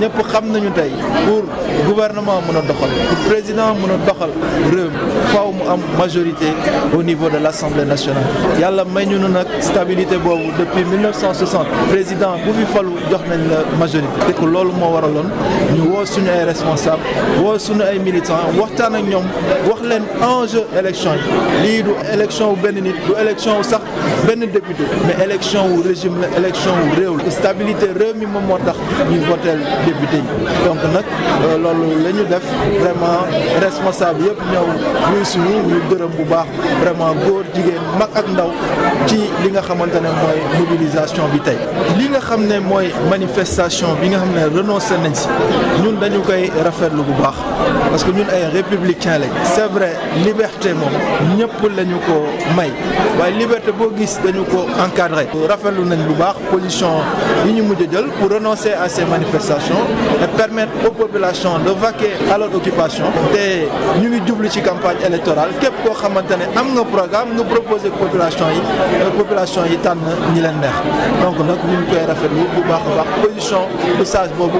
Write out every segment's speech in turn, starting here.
ñëpp xam nañu tey pour gouvernement mën a doxal pour président mën a doxal réew faw mu am majorité au niveau de l' assemblée nationale yàlla may ñu nag stabilité boobu depuis 1960 président bu fi falu jox nañ la majorité te ko loolu moo waraloon ñu woo suñu ay responsable woo suñu ay militants waxtaan ak ñoom wax leen enjeu élection yi lii du élection wu benn nit du élection wu sax benn député mais élection wu régime la élection wu réew la stabilité réew mi moom moo tax ñuy votel député yi donc nag euh, loolu la ñu def vraiment responsable yëpp ñaw ñuy suñu ñu gërëm bu baax vraiment góor jigéen mag ak ndaw ci li nga xamante ne mooy mobilisation bi tey li nga xam ne mooy manifestation bi nga xam ne renoncé nañ si ñun dañu koy rafetlu bu baax parce que ñun ay républicain lañ c'est vrai liberté moom ñëpp la ñu ko may waaye liberté boo gis dañu ko encadré rafetlu nañ bu baax position yi ñu mujj jël pour renoncer à ces population et permettre aux populations de vaquer à leur occupation te ñu ngi jublu ci campagne électorale képp koo xamante ne am nga programme nga proposé population yi euh, population yi tànn ñi leen neex donc nag ñu ngi koy rafetlu bu baax a baax position bu sage boobu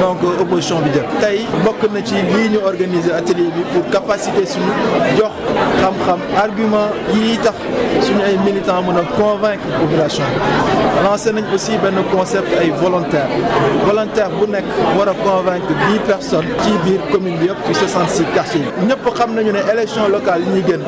donc euh, opposition bi jël tey bokk na ci lii ñu organiser atelier bi pour capacité suñu jox xam-xam argument yi tax suñu ay militants mën a convaincre population lancé nañ aussi benn concept ay volontaire volontaire nekk war a convaincre dix personnes ci biir commune bi yëpp ci 66 quartiers yi ñëpp xam nañu ne élection locale yi ñuy gën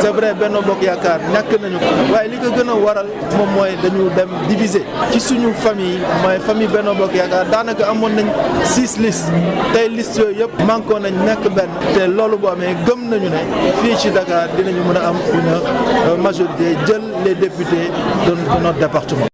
c'est vrai Benno Bokk Yaakaar ñàkk nañu ko waaye li ko gën a waral moom mooy dañu dem diviser ci suñu fami mooy famille benn Bokk Yaakaar daanaka amoon nañ six listes tey list yooyu yëpp manqué nañ nekk benn te loolu boo amee gëm nañu ne fii ci Dakar dinañu mën a am une majorité jël les députés de notre département